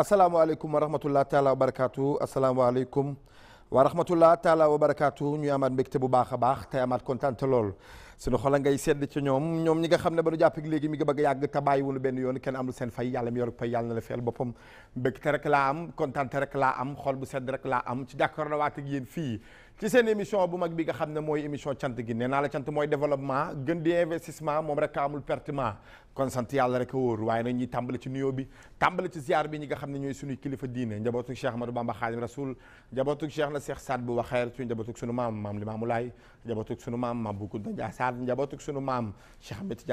asalaamaaleykum wa rahmatullah taala wa barakaatu asalaamaaleykum wa rahmatullah taala wa barakaatu ñuy amaat mbégte bu baax a baax te amaat kontaan te lool suñu xol ngay sedd ci ñoom ñoom ñi nga xam ne ba nu jàpp léegi mi ngi bëgg a yàgg te bàyyi wunu benn yoon kenn amul seen fay yàlla mi yor fay yàlla na la fayal boppam mbégte rek laa am kontaan te laa am xol bu sedd rek laa am ci jàkkaarloo waat ak yéen fii ci seen émission bu mag bi nga xam ne mooy émission cant gi nee naa la cant mooy développement gën di investissement moom rek amul pertement kon sant yàlla rek a wóor waaye nag ñuy tambali ci nuyoo bi tàmbale ci ziar bi ñi nga xam ne ñooy suñuy kilifa diine njabootug Cheikh Ahmadou Bamba Khadim Rasoul njabootug Cheikh na Cheikh Saad bu waxeer ci njabootug sunu maam maam Limaamu Laay njabootug sunu maam maam Bu Kunta Ndiassane njabootug sunu maam Cheikh Ahmed ba ci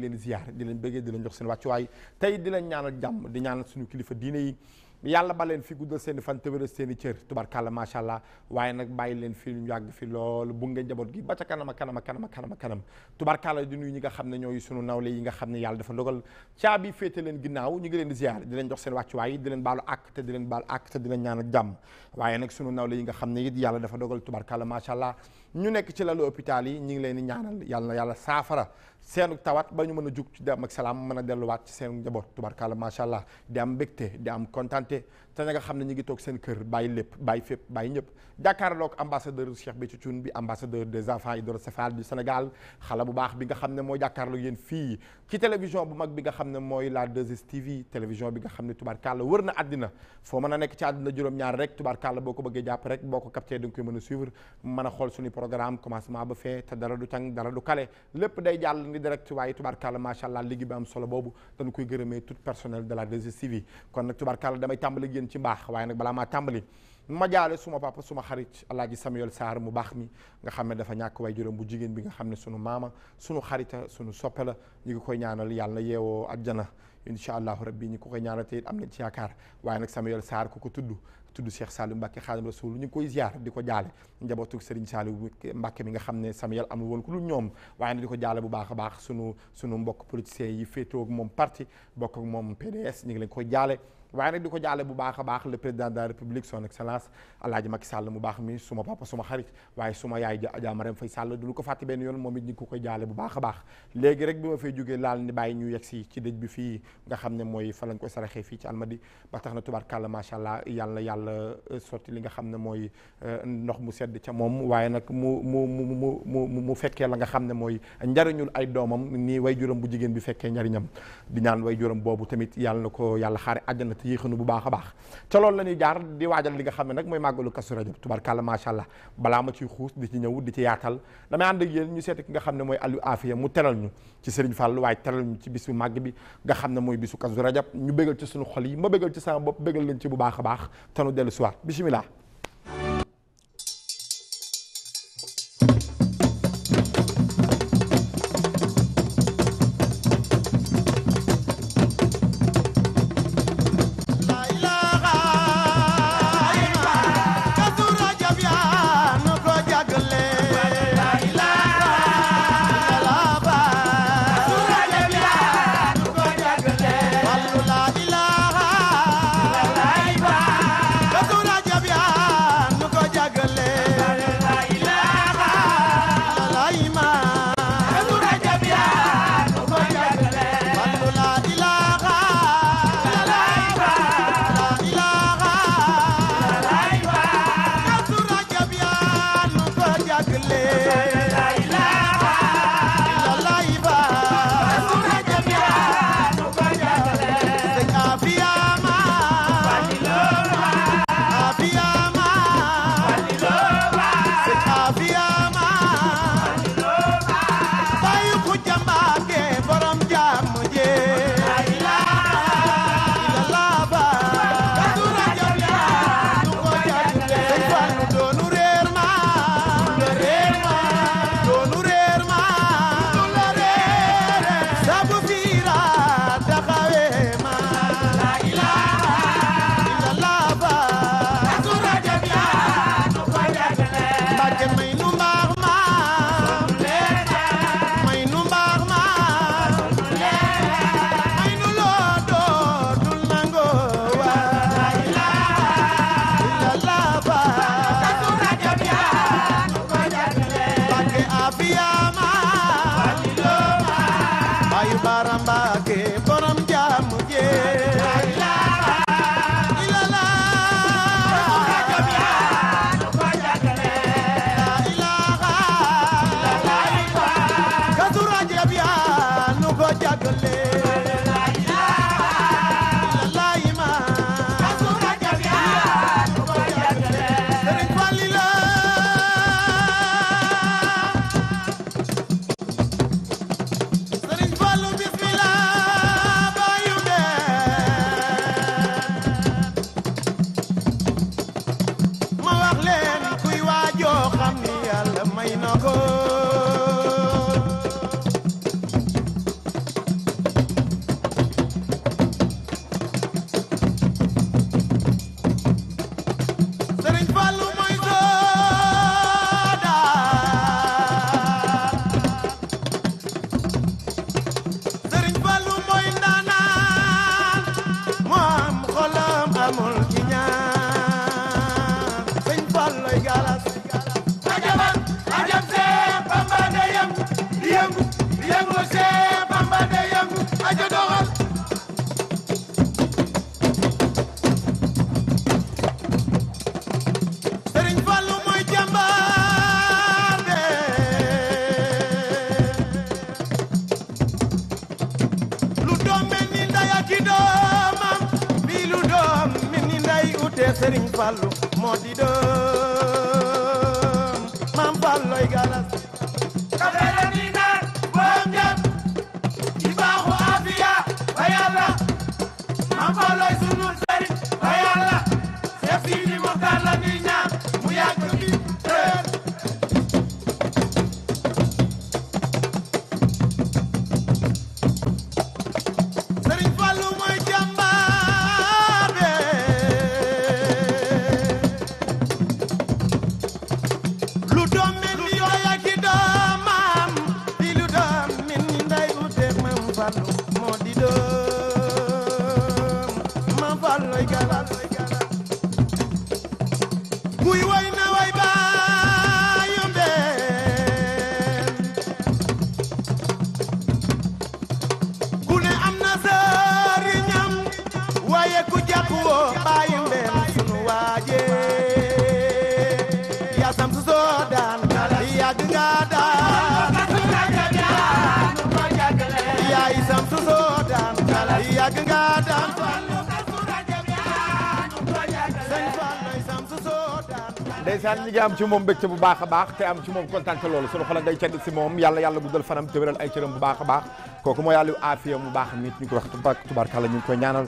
leen ziar di leen bëggee di leen jox seen wàccuwaay tey di leen ñaanal suñu kilifa diine yàlla ba leen fi guddal seen fan te wéral seen i cër tubarkàlla macha allah waaye nag bàyyi leen fi ñu yàgg fi lool bu ngeen njaboot gi ba ca kanam a kanam a kanam a kanam a kanam tubarkàlla di nuyu ñi nga xam ne ñooy sunu nawle yi nga xam ne yàlla dafa dogal caabi féete leen ginnaaw ñu ngi leen di ziar di leen jox seen wàccuwaay di leen baalu àq te di leen baalu àq te di leen ñaanal jàmm waaye nag sunu nawle yi nga xam ne it yàlla dafa dogal kala macha allah ñu nekk ci lalu hôpital yi ñu ngi leen di ñaanal yàlla yàlla saafara seenu tawaat ba ñu mën a jug ci dem ak salaam mën a delluwaat ci seen njaboot tubarkalla macha allah di am mbégte di am kontante te nga xam ne ñu ngi toog seen kër bàyyi lépp bàyyi fépp bàyyi ñëpp jàkkaarloog ambassadeur Cheikh ci Thioune bi ambassadeur des enfants hydrocéphales du Sénégal xale bu baax bi nga xam ne moo jàkkaarloog yéen fii ci télévision bu mag bi nga xam ne mooy la 2STV télévision bi nga xam ne tubaarkàlla wër na àddina foo mën a nekk ci àddina juróom-ñaar rek tubaarkàlla boo ko bëggee jàpp rek boo ko capté da koy mën a suivre mën a xool suñu programme commencement ba fee te dara du tàng dara du kale lépp day jàll ni direct waaye tubaarkàlla macha allah liggéey bi am solo boobu dañu koy gërëmee tout personnel de la 2STV kon nag tubaarkàlla damay tàmbali ak yéen ma jaale suma papa suma xarit alaaji Samuel saar mu baax mi nga xam ne dafa ñàkk way juróom bu jigéen bi xam ne sunu maama sunu xarita sunu soppe ñu ngi koy ñaanal yàlla na yeewoo àjjana incha allahu rabbi ñi ko koy ñaanal te am nañ ci yaakaar waaye nag Samuel Sarr ku ko tudd tudd Cheikh Saliou Mbacke Xaadim Rasul ñu ngi koy di ko jaale njabootu Serigne Saliou Mbacke mi nga xam ne Samuel amul woon ku dul ñoom waaye nag di ko jaale bu baax a baax sunu sunu mbokk politiciens yi féetoo ak moom parti bokk moom PDS ñu ngi leen koy jaale waaye nag di ko jaale bu baax a baax le président de la république son excellence alaaji Macky Sall mu baax mi suma papa suma xarit waaye suma yaay jaamarem fay sàll du lu ko fàtte benn yoon moom it ñu ngi ko koy jaale bu baax a baax léegi rek bi ma fay jógee laal ni bàyyi ñu yegsi ci dëj bi fii nga xam ne mooy fa lañ koy saraxee fii ci almadi ba tax na tubaarkàlla macha allah yàlla yàlla euh, sotti li nga xam ne mooy euh, ndox mu sedd ca moom waaye nag mu mu mu mu mu fekkee la nga xam ne mooy njariñul ay doomam nii way juram bu jigéen bi fekkee njariñam way juram boobu tamit yàlla na ko yàlla xaare àjjana yéexanu bu baax a baax ca loolu la ñuy jaar di waajal li nga xam ne nag mooy màggalu Kazu Rajab tubarkàlla macha allah balaa ma ciy xuus di ci ñëw di ci yaatal damay ànd ak yéen ñu seeti ki nga xam ne mooy Aliou Afia mu teral ñu ci Serigne Fall waaye teral ñu ci bisu màgg bi nga xam ne mooy bisu Kazu Rajab ñu bégal ci suñu xol yi ma bégal ci sama bopp bégal leen ci bu baax a baax tanu dellu soir bisimilah yaay sam su daan yàgg nga daan am ci moom mbégte bu baax baax te am ci moom kontaan lool loolu sunu xolal day cedd si moom yàlla yàlla guddal fanam te wéral ay cëram bu baax a baax kooku mooy yàlla aafiya mu baax nit ñu ko wax tubaarkàlla ñu ngi koy ñaanal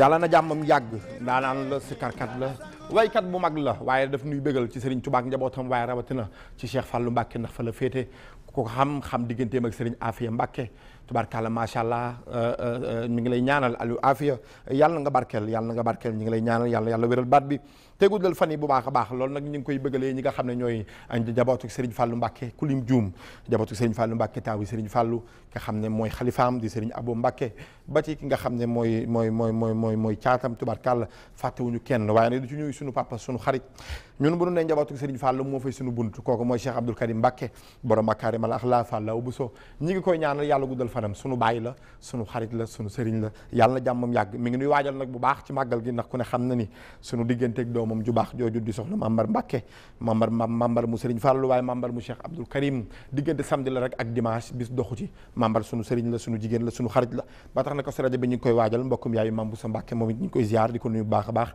yàlla na jàmmam yàgg ndaanaan la sikarkat la waykat bu mag la waaye daf nuy bégal ci Serigne Touba ak njabootam waaye rawatina ci Cheikh Fallou Mbacke ndax fa la féete ku ko xam xam digganteem ak Serigne Afia Mbacke tubaarkàlla macha allah euh, euh, euh, mi ngi lay ñaanal Aliou Afia yàlla na nga barkel yàlla na nga barkeel ñi ngi lay ñaanal yàlla yàlla wéral baat bi te guddal fan yi bu baax a baax loolu nag ñu ngi koy bëggalee ñi nga xam ne ñooy njabootu Serigne Fallou Mbacké kulim juum njabootu Serigne Fallou Mbacké taaw yi Serigne Fallou nga xam ne mooy xalifaam di Serigne Abou Mbacké ba ci ki nga xam ne mooy mooy mooy mooy mooy mooy caatam tubarkàlla fàttewuñu kenn waaye nag du ci ñuy suñu papa suñu xarit ñun bu ñu njabootu Serigne Fallou moo suñu bunt kooku mooy Cheikh Abdoul Karim Mbacké borom Makarim al Axlaa Fallou Bousso ñi ngi koy ñaanal yàlla guddal fanam suñu bàyyi la suñu xarit la sunu sëriñ la yàlla na jàmmam yàgg mi ngi nuy waajal nag bu baax ci màggal gi ndax ku ne xam na ni sunu digganteeg doom moom ju baax jooju di soxna Mambar Mbacke Mambar Mambar mu Serigne Fallou waaye Mambar mu Cheikh Abdoul Karim diggante samedi la rek ak dimanche bis doxu ci Mambar sunu Serigne la sunu jigéen la sunu xarit la ba tax na ko si rajo bi ñu ngi koy waajal mbokkum yaayu Mambousa Mbacke moom it ñu koy ziar di ko nuyu bu baax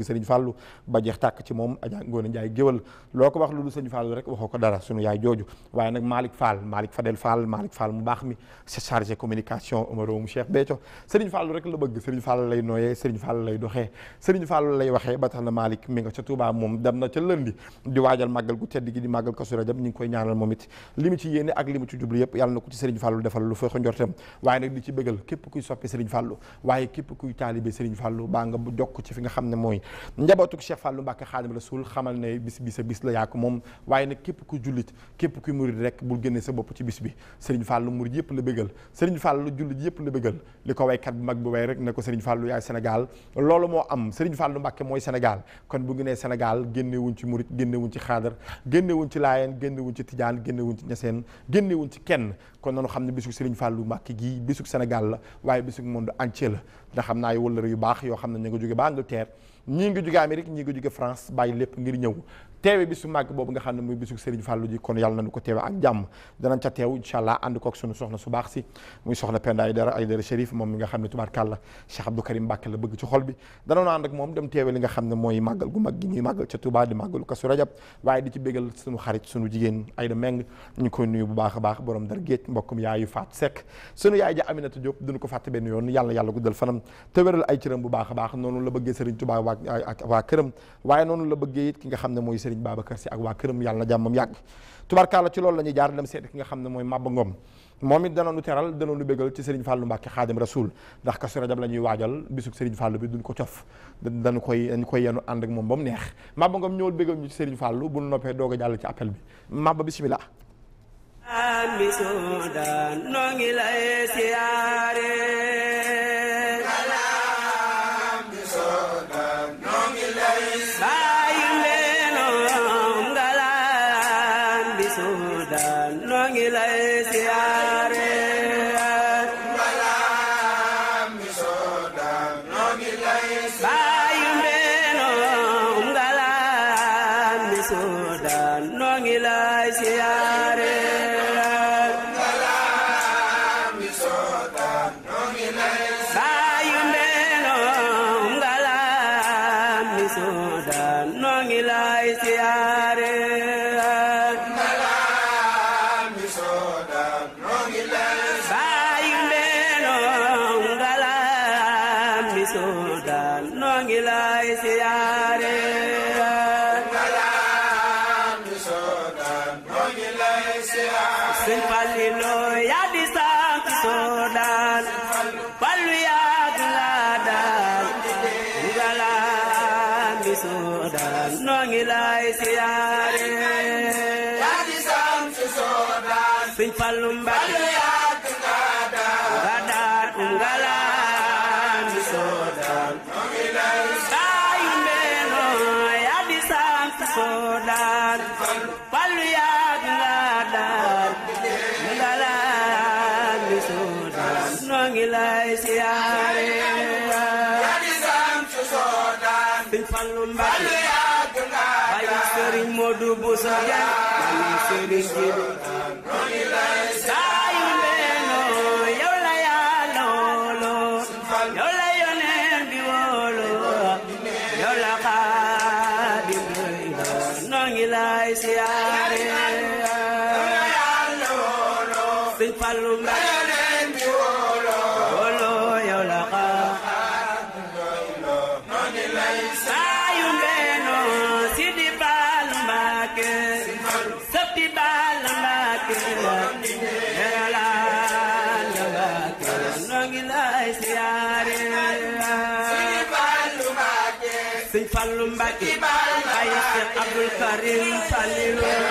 bëgg sëriñ fàllu ba jeex tàkk ci moom Adja Ngoone Njaay loo ko wax lu dul sëriñ fàllu rek waxoo ko dara sunu yaay jooju waaye nag Malick Fall Malick Fadel Fall Malick mu baax mi chargé communication la bëgg sëriñ fàllu lay nooyee sëriñ fàllu lay doxee ba tax na Malick moom dem na ca lëndi di waajal màggal gu tedd gi di màggal Kazu Rajab ñu koy ñaanal moom it li ci yéene ak li ci jublu yëpp yàlla na ko ci sëriñ fàllu waaye nag kuy soppi sëriñ fàllu baa nga jokk ci fi nga xam ne mooy njabootuk Cheikh Fallou Mbacké la Rasul xamal ne bis bi sa bis la yaa ko moom waaye nag képp ku jullit képp ku murid rek bu génne sa bopp ci bis bi Serigne Fallou murid yëpp la bégal fàll lu jullit yëpp la bégal li ko waykat bu mag bi way rek ne ko Serigne Fallou yaay Sénégal loolu moo am Serigne Fallou Mbacké mooy senegal kon bu ngi senegal Sénégal génnewuñ ci murid génnewuñ ci xaadar génnewuñ ci laayeen génnewuñ ci tijaan génnewuñ ci ñeseen génnewuñ ci kenn kon nanu xam ne bisug Serigne Fallou Mbacké gii bisug Sénégal la waaye bisug monde entier la ndax xam naa ay wëllëre yu baax yoo xam ne ñu nga jóge ba Angleterre ñii ngi jóge Amérique ñii ngi jóge France bàyyi lépp ngir ñëw teewe bisu màgg boobu nga xam ne muy bisu Serigne Fallou ji kon yàlla nañu ko teewe ak jàmm danañ ca teew incha allah ànd kook sunu soxna su baax si muy soxna Penda Aydara Aydara Chérif moom nga xam ne tubaarkàlla Cheikh Abdou Karim Mbàkke la bëgg ci xol bi danañu ànd ak moom dem teewe li nga xam ne mooy màggal gu mag bu baax baax borom dar géej mbokkum yaayu Faat Seck sunu yaay ja Aminata Diop duñu ko fàtte benn yoon yàlla yàlla guddal fanam te wéral ay cëram bu baax a baax noonu la Serigne Babacar Sy ak waa këram yàlla na jàmmam yàgg tubarkaala ci loolu la jaar dem seet ki nga xam ne mooy Maba Ngom moom it danoonu teral danoonu bégal ci Serigne Fallou Mbacke xaadim rasul ndax kasu rajab la waajal bisub Serigne Fallou bi duñ noppee doog a jàll ci appel bi Maba bismillah ami sudan noo ngi siyaare lay siyaare ñoo ngi lay siyaare yadi sam su soodaan Sëriñ Fallu Mbàkke Baay Sëriñ Moodu Buso Jaay Baay Sëriñ الكريم صللوا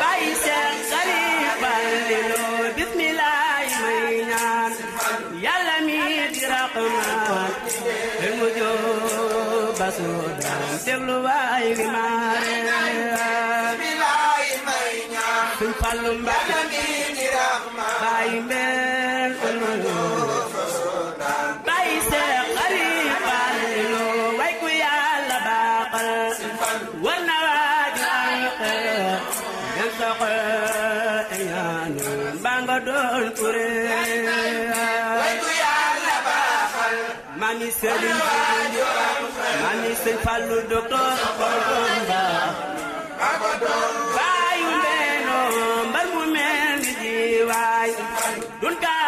باي سير صليب بللوا بسم الله مينان يلا ميت رقمان المجوب بسودان دغلو باي غمار بسم الله مينان سنفلم بلمين رقمان باي ميت sëriñ mami sëñ Fallu docteur Bomba bayu mbeeno mbar mu mel ni jiwaay dun ka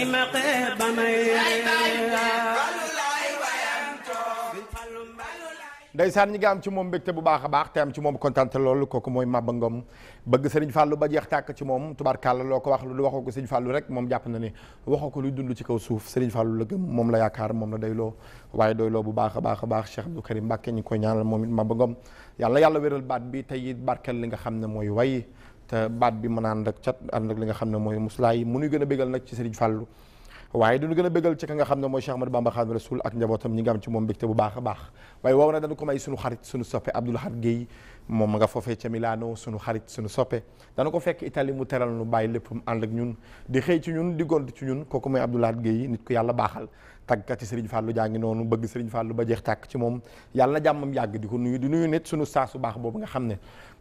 ni ma xee ba may ñi nga am ci moom mbégte bu baax a baax te am ci moom kontante loolu kooku mooy Maba Ngom bëgg Sëriñ Fàllu ba jeex tàkk ci moom tubaarkàlla loo ko wax lu waxoo ko Sëriñ Fàllu rek moom jàpp na ni waxoo ko luy dund ci kaw suuf Sëriñ Fàllu la gëm moom la yaakaar moom la loo waaye doyloo bu baax a baax a baax Cheikh Abdou Karim Mbàkke ñu koy ñaanal moom it Maba Ngom yàlla yàlla wéral baat bi tey it barkeel li nga xam ne mooy way te baat bi mën a ànd ak cat ànd ak li nga xam ne mooy muslaa yi mu nuy gën a bégal nag ci Serigne Fallou waaye duñu gën a bégal ci ka nga xam ne mooy Cheikh Ahmadou Bamba ak njabootam ñi nga am ci moom mbégte bu baax a baax waaye wow na dañu ko may suñu xarit suñu soppe Abdoul Ahad moom xarit suñu soppe dana ko fekk Italie mu teral nu bàyyi lépp mu ànd ak ñun di xëy ci ñun di gont ci ñun kooku mooy Abdoul Ahad Guèye nit ku yàlla baaxal tàggkat ci Serigne jaa ngi noonu bëgg Serigne Fallou ba jeex tàkk ci moom yàlla na yàgg di ko nuyu nuyu nit suñu saasu baax boobu nga xam ne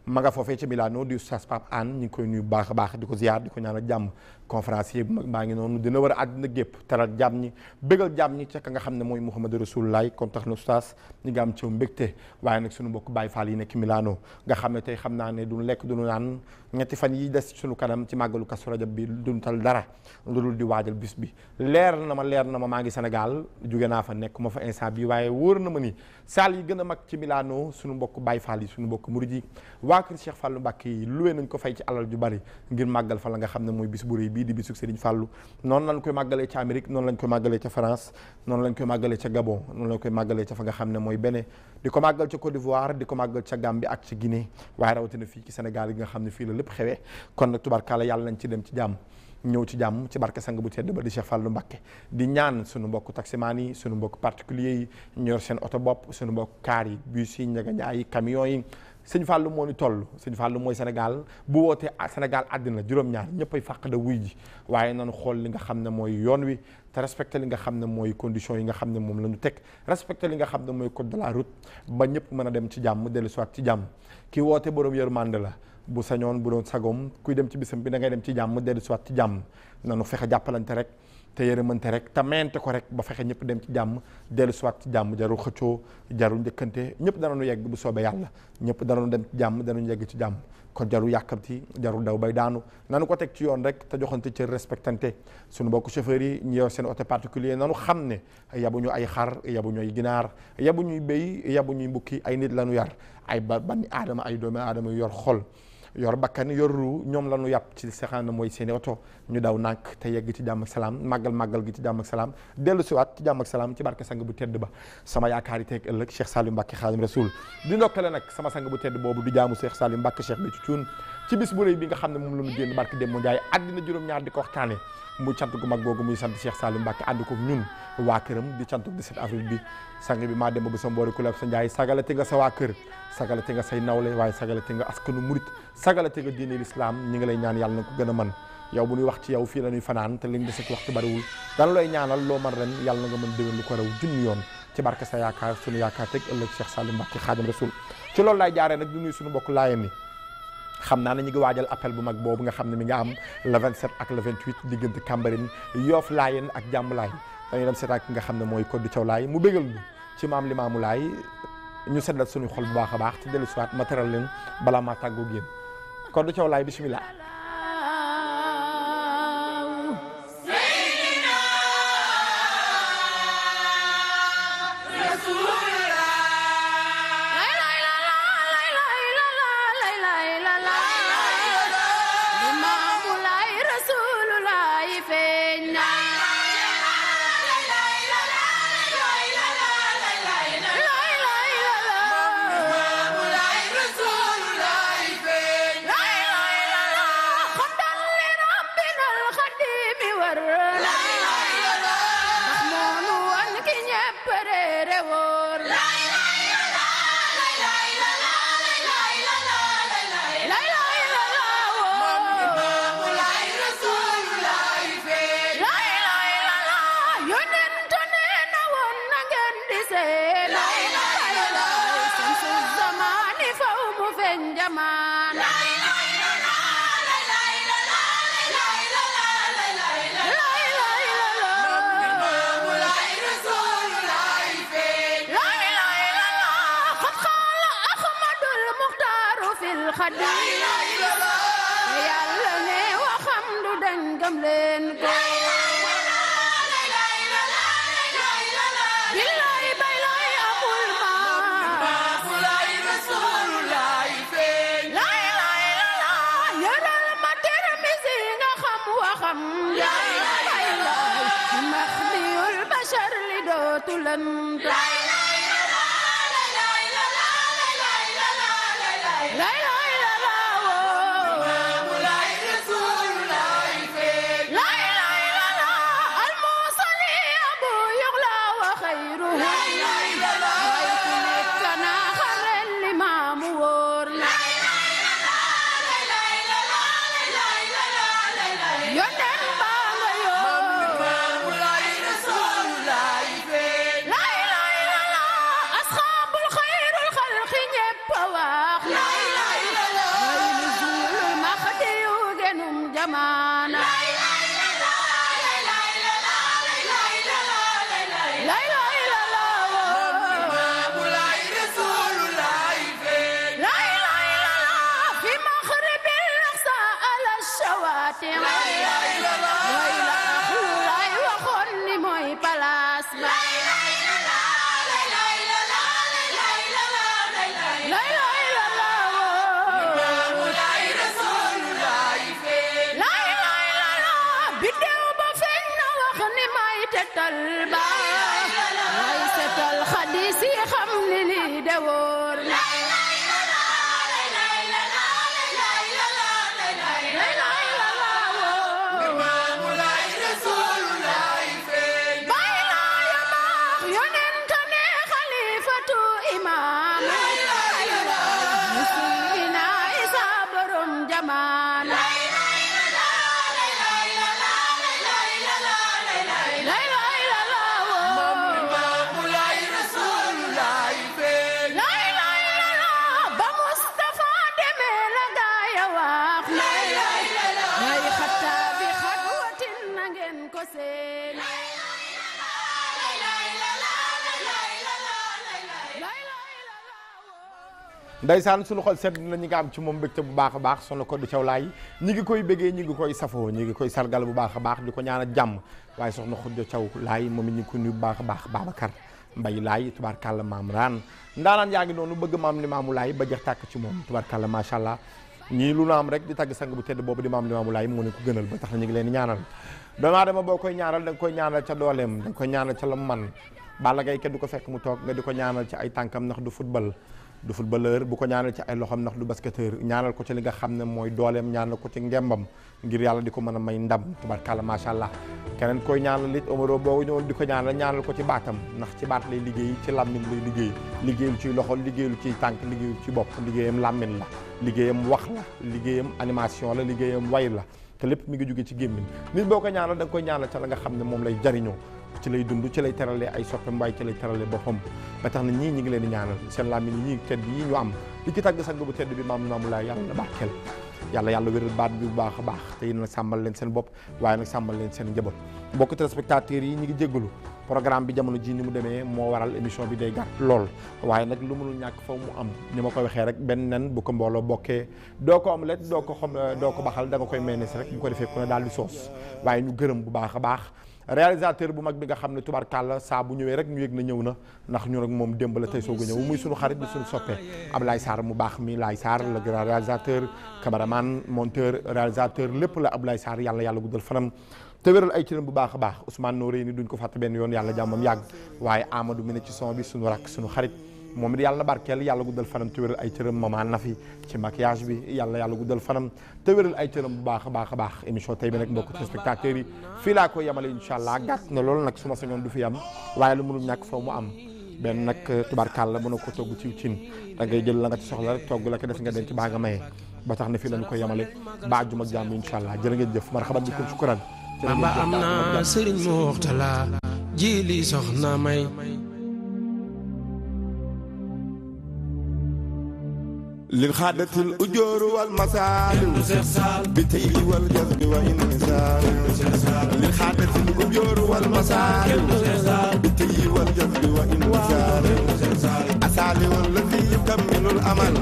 maga nga foofee ca Milano di Oustaz Pape Anne ñu ngi koy nuyu baax a baax di ko ziar di ko ñaanal jàmm conférencier bu mag baa ngi noonu dina war a àddina gépp teral jàmm ñi bégal jàmm ñi ca ka nga xam ne mooy Mouhamadou Rasulullah kon tax na oustaz ñi nga am ci mbégte waaye nag suñu mbokk Baye Fall yi nekk Milano nga xam ne tey xam naa ne duñu lekk duñu naan ñetti fan yi des suñu kanam ci màggalu Kazu Rajab bi duñu dara lu di waajal bis bi leer na ma leer na ma maa ngi Sénégal jóge naa fa nekk ma fa instant bi waaye wóor na ma ni saal yi gën a mag ci Milano suñu mbokk Baye Fall yi suñu mbokk murid yi waa kër Cheikh Fallou Mbacké yi luwee nañ ko fay ci alal ju bari ngir màggal fa la nga xam ne mooy bis bu rëy bi bii di bisub Serigne Fallou noonu lañ koy màggalee ca Amérique noonu lañ koy màggalee ca France noonu lañ koy màggalee ca Gabon noonu lañ koy màggalee ca fa nga xam ne mooy Bénin di ko màggal ca Côte d'Ivoire di ko màggal ca Gambie ak ca Guinée waaye rawatina fii ci Sénégal yi nga xam ne fii la lépp xewee kon nag tubarkalla yàlla nañ ci dem ci jàmm ñëw ci jàmm ci barke sang bu tedd ba di Cheikh Fallou Mbacké di ñaan suñu mbokk taximaan yi suñu mbokk particulier yi ñor seen oto bopp suñu mbokk kaar yi bus yi njaganjaay yi sëñ Fallou moo ni toll sëñ Fallou mooy Sénégal bu wootee Sénégal àddina juróom-ñaar ñëpp ay fàq da wuy ji waaye nañu xool li nga xam ne mooy yoon wi te respecté li nga xam ne mooy condition yi nga xam ne moom la ñu teg respecté li nga xam ne mooy code de la route ba ñëpp mën a dem ci jàmm dellu soit ci jàmm ki woote borom yërmande la bu sañoon bu doon sagom kuy dem ci bisam bi da ngay dem ci jàmm dellu soit ci jàmm nanu fexe jàppalante rek te yërëmante rek te mayante ko rek ba fexe ñëpp dem ci jàmm dellu siwaat ci jàmm jaru xëccoo jarul njëkkante ñëpp danañu yegg bu soobee yàlla ñëpp danañu dem ci jàmm danañu yegg ci jàmm kon jaru yàkkamti jaru daw bay daanu nanu ko teg ci yoon rek te joxante ci respectante suñu mbokk chauffeur yi ñu yow seen oto particulier nanu xam ne yabuñu ay xar yabu yabuñu ay ginaar yabu ñuy yabuñuy yabu ñuy mbukki ay nit lañu yar ay ba banni aadama ay doomi aadama yor xol yor bakkan yor ruu ñoom la ñu yàpp ci saxaan na mooy seeni oto ñu daw nànk te yegg ci jàmm ak salaam màggal màggal gi ci jàmm salaam dellu siwaat ci jàmm ak salaam ci barke sang bu tedd ba sama yaakaar yi teeg ëllëg Cheikh Saliou Mbacké Khadim Rasoul di ndokkale nag sama sang bu tedd boobu du jaamu Cheikh Saliou Mbacké Cheikh bi ci cuun ci bis bu rëy bi nga xam ne moom la ñu génn barke dem mu njaay àddina juróom-ñaar di ko waxtaane mu cant gu mag googu muy sant Cheikh Saliou Mbacké ànd ko ñun waa këram di cant 17 avril bi sang bi maa demb bu sa mboori kulab sa njaay sagalati nga sa waa kër sagalati nga say nawle waaye sagalati nga askanu murit sagalati nga diine lislaam ñi ngi lay ñaan yàlla na ko gën a mën yow bu ñuy wax ci yow fii la ñuy fanaan te liñ dese ci waxtu dana looy ñaanal loo man ren yàlla na nga mën déwén lu ko raw junni yoon ci barke sa yaakaar sunu yaakaar teg ëllëg Cheikh Salim Mbacke Xaadim Rasul ci loolu laay jaaree nag du nuyu mbokk naa ne ñu waajal appel bu mag boobu nga xam ne mi nga am le 27 ak le 28 diggante Cambérène Yoff dañuy dem seetaan ki nga xam ne mooy koddu cawlaay mu bégal ñu ci maam li maamu laay ñu seddal suñu xol bu baax a baax te dellu siwaat ma teral leen balaa maa tàggoo génn koddu laay bisimilah xaddi yàlla ne waxam du dañ gëm leen ko Lay lay lay xam ni lii de wóor na ndaysaan suñu xol sedd na ñi nga am ci moom mbégte bu baax a baax soxna Codou Thiaw Laye ñi ngi koy béggee ñi ngi koy safoo ñi ngi koy sargal bu baax a baax di ko ñaanal jàmm waaye soxna Codou Thiaw lay moom it ñu ngi ko nuyu bu baax a baax Babacar Mbay Laay tubaarkàlla maam raan ndaanaan yaa ngi noonu bëgg maam li maamu laay ba jeex tàkk ci moom tubaarkàlla macha allah ñii lu na am rek di tagg sang bu tedd boobu di maam li maamu laay moo ne ko gënal ba tax boo koy ñaanal da nga koy ñaanal ca dooleem da nga la man Balla Gaye kenn du ko fekk mu toog nga di ko ñaanal ci ay tànkam ndax du du footballeur bu ko ñaanal ci ay loxoom ndax du basketteur ñaanal ko ci li nga xam ne mooy dooleem ñaanal ko ci ngembam ngir yàlla di ko mën a may ndam tubarkàlla macha allah keneen koy ñaanal it Omaro boobu ñëwoon di ko ñaanal ñaanal ko ci baatam ndax ci baat lay liggéey ci làmmiñ lay liggéey liggéeyul ci loxo liggéeyul ci tànk liggéeyul ci bopp liggéeyam làmmiñ la liggéeyam wax la liggéeyam animation la liggéeyam way la te lépp mu ngi jóge ci gémmiñ nit boo ko ñaanal da nga koy ñaanal ca la nga xam ne moom lay jariñoo ci lay dund ci lay terale ay soppeem waaye ci lay teralee boppam ba tax na ñii ñi ngi leen di ñaanal seen làmmiñ ñii tedd ñu am li ci tàgg sàgg bu tedd bi maam maamu laa yàlla na barkeel yàlla yàlla wéral baat bi bu baax a baax te yéen nag sàmmal leen seen bopp waaye nag sàmmal leen seen njaboot mbokk téléspectateurs yi ñu ngi jéggalu programme bi jamono jii ni mu demee moo waral émission bi day gàtt lool waaye nag lu mënul ñàkk faw mu am ñu ma ko waxee rek benn nen bu ko mbooloo bokkee doo ko omelette doo ko xam doo ko baxal da nga koy menes rek ko defee ku daal di soos waaye gërëm bu baax a baax réalisateur bu mag bi nga xam ne tubarkàlla saa bu ñëwee rek ñu yëg na ñëw na ndax ñu rek moom démb la tey soo a ñëw muy suñu xarit bi suñu soppee Ablaye saar mu baax mi Laye Sarr le grand réalisateur cameraman monteur réalisateur lépp la ab Ablaye Sarr yàlla yàlla guddal fanam te wéral ay cëram bu baax a baax Ousmane Nouré ni duñ ko fàtte benn yoon yàlla jàmmam yàgg waaye Amadou mi ne ci son bi suñu rakk suñu xarit moom it yàlla barkeel yàlla guddal fanam te wéral ay cëram mama Nafi ci maquillage bi yàlla yàlla guddal fanam te wéral ay bu baax a baax a baax émission tey bi nag mbokk ci spectateurs yi fii laa ko yemale incha allah gàtt na loolu nag euh, ko togg ciw cin da ngay jël la nga ci soxla rek togg la ko def nga denc baa nga maye ba tax na fii lañu ko yemale ba àjjuma ak jàmm incha allah jërë ngeen jëf marhaban bikum shukran bamba am na sëriñ Muxtala ji may lil xaadatil ujóoru wal masaaliw bitii wal jasbi wa inmisaal lil xaadatil ujóoru wal masaaliw bitii wal jasbi wa inmisaal asaali wal la fi yukammilul amal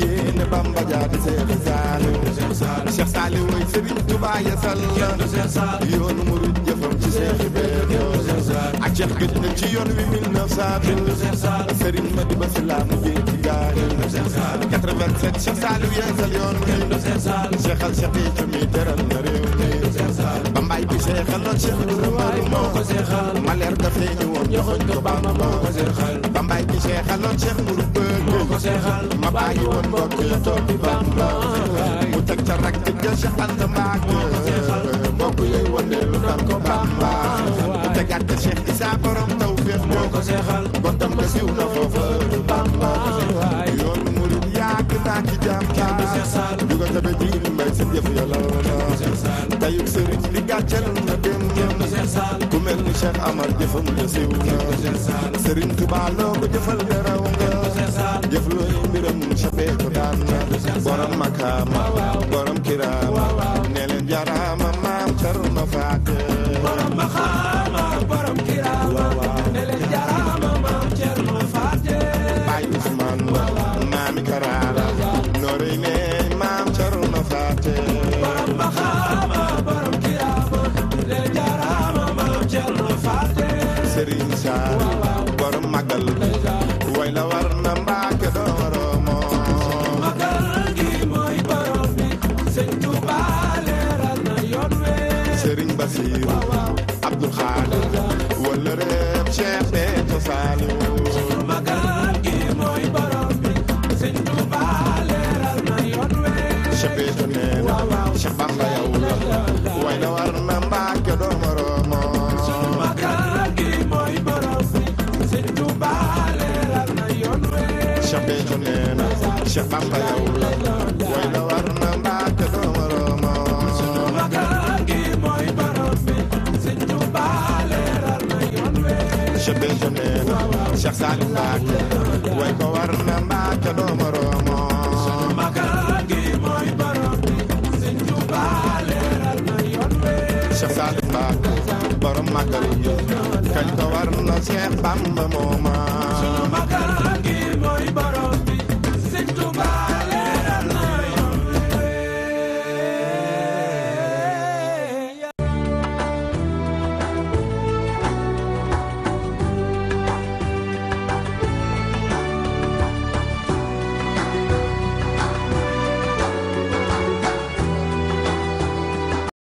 yéene Bamba jaadi Seex Saaliw Seex Saaliw way Sëriñ Tuubaa yasal la yoonu murid jëfam ci Seex Ibra ak Seex gëj na ci yoon wi 1900 Sëriñ Madiba Sylla 87 Cheikh Saliou yeesal yoon wi seexal Cheikh Béthio mi teral na réew mi bambaay bi seexal na Cheikh Ibrahima moo ko seexal maleer ga feeñu woon joxoñ ko Bamba moo ko seexal bambaay bi seexal na Cheikh Mourou Bëgg moo ko seexal ma bàyyi woon mbokk ya toog di Bamba mu teg ca rakk ja Cheikh Anta Mbacké moo ko seexal mbokk yooyu wandeelu naan ko Bamba mu tegaat ca Cheikh Issa borom taw féex moo ko seexal bontam ga siiw na foofa Bamba juga tabe jigéen ñi mbay si jëf yàlla na tayuk sëriñ bi gàccel na dem ku mel ni Cheikh Amar jëfam la siw na sëriñ Tuubaa loo ko jëfal daraw nga jëf looy mbiram sabee ko daan na borom makaama borom kiraama ne leen jaraama maam Cerno Faati borom makaama borom kiraama Cheikh Béthio nee na Cheikh Bamba yow la way la war na mbaate doo morooma sunu magal gi mooy borom bi sëñ ñu baaleeral na yoon we Cheikh Béthio nee na Cheikh Salim Mbacké way ko war na mbaate doo morooma sunu magal gi mooy borom bi sëñ ñu baaleeral na yoon we Cheikh Salim Mbacké borom magal gi kañ ko war na Cheikh Bamba mooma sunu magal